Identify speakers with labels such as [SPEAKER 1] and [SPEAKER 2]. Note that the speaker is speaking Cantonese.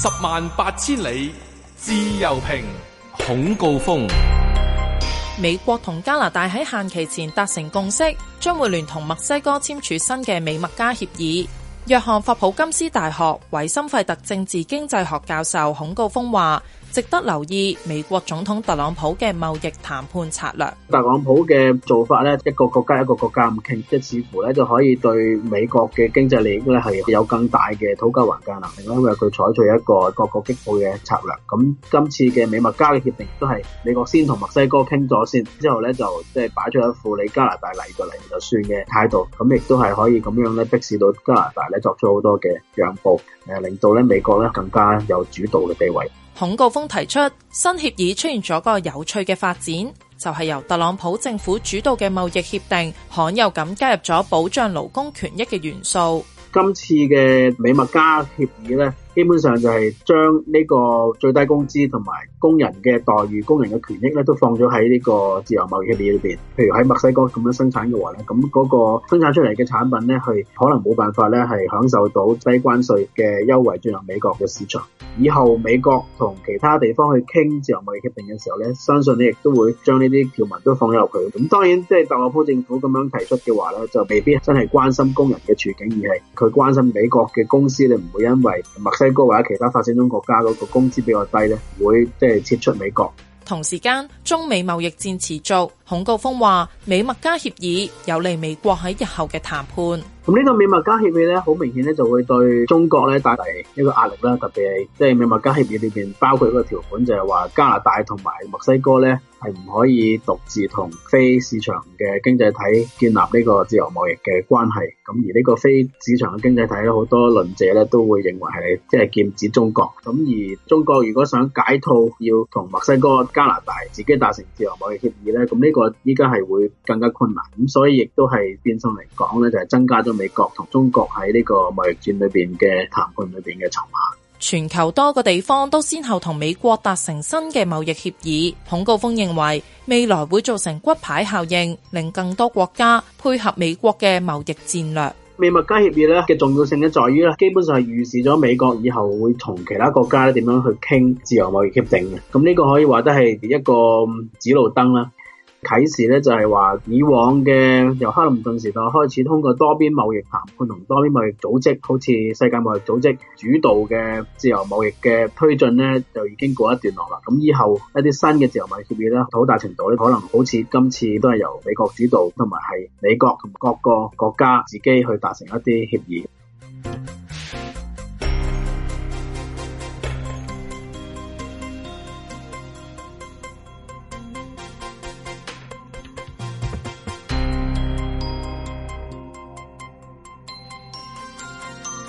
[SPEAKER 1] 十萬八千里，自由評，
[SPEAKER 2] 孔誥烽。
[SPEAKER 1] 美國同加拿大喺限期前達成共識，將會聯同墨西哥簽署新嘅美墨加協議。約翰霍普金斯大學偉森費特政治經濟學教授孔誥烽話：值得留意美國總統特朗普嘅貿易談判策略。
[SPEAKER 2] 特朗普嘅做法咧，一個國家一個國家咁傾，即係似乎咧就可以對美國嘅經濟利益咧係有更大嘅討價還價能力啦。因為佢採取一個各個擊破嘅策略。咁今次嘅美墨加嘅協定都係美國先同墨西哥傾咗先，之後咧就即係擺出一副你加拿大嚟就嚟就算嘅態度，咁亦都係可以咁樣咧逼使到加拿大咧。作出好多嘅讓步，誒，令到咧美國咧更加有主導嘅地位。
[SPEAKER 1] 孔誥烽提出新協議出現咗個有趣嘅發展，就係、是、由特朗普政府主導嘅貿易協定，罕有咁加入咗保障勞工權益嘅元素。
[SPEAKER 2] 今次嘅美墨加協議咧，基本上就係將呢個最低工資同埋工人嘅待遇、工人嘅權益咧，都放咗喺呢個自由貿易協議裏邊。譬如喺墨西哥咁樣生產嘅話咧，咁嗰個生產出嚟嘅產品咧，係可能冇辦法咧係享受到低關稅嘅優惠，進入美國嘅市場。以後美國同其他地方去傾自由貿易協定嘅時候咧，相信你亦都會將呢啲條文都放入去。咁當然，即係特朗普政府咁樣提出嘅話咧，就未必真係關心工人嘅處境，而係佢關心美國嘅公司，你唔會因為墨西哥或者其他發展中國家嗰個工資比較低咧，會即係撤出美國。
[SPEAKER 1] 同時間，中美貿易戰持續。孔誥烽話：美墨加協議有利美國喺日後嘅談判。
[SPEAKER 2] 咁呢個美墨加協議咧，好明顯咧就會對中國咧帶嚟一個壓力啦。特別係即係美墨加協議裏邊包括一個條款，就係話加拿大同埋墨西哥咧係唔可以獨自同非市場嘅經濟體建立呢個自由貿易嘅關係。咁而呢個非市場嘅經濟體咧，好多論者咧都會認為係即係劍指中國。咁而中國如果想解套，要同墨西哥、加拿大自己達成自由貿易協議咧，咁、這、呢個。依家係會更加困難，咁所以亦都係變相嚟講咧，就係增加咗美國同中國喺呢個貿易戰裏邊嘅談判裏邊嘅籌碼。
[SPEAKER 1] 全球多個地方都先後同美國達成新嘅貿易協議，孔誥烽認為未來會造成骨牌效應，令更多國家配合美國嘅貿易戰略。
[SPEAKER 2] 美墨加協議咧嘅重要性咧在於咧，基本上係預示咗美國以後會同其他國家咧點樣去傾自由貿易協定嘅，咁呢個可以話得係一個指路燈啦。啟示咧就係話，以往嘅由克林頓時代開始，通過多邊貿易談判同多邊貿易組織，好似世界貿易組織主導嘅自由貿易嘅推進咧，就已經過一段落啦。咁以後一啲新嘅自由貿易協議咧，好大程度咧可能好似今次都係由美國主導，同埋係美國同各個國家自己去達成一啲協議。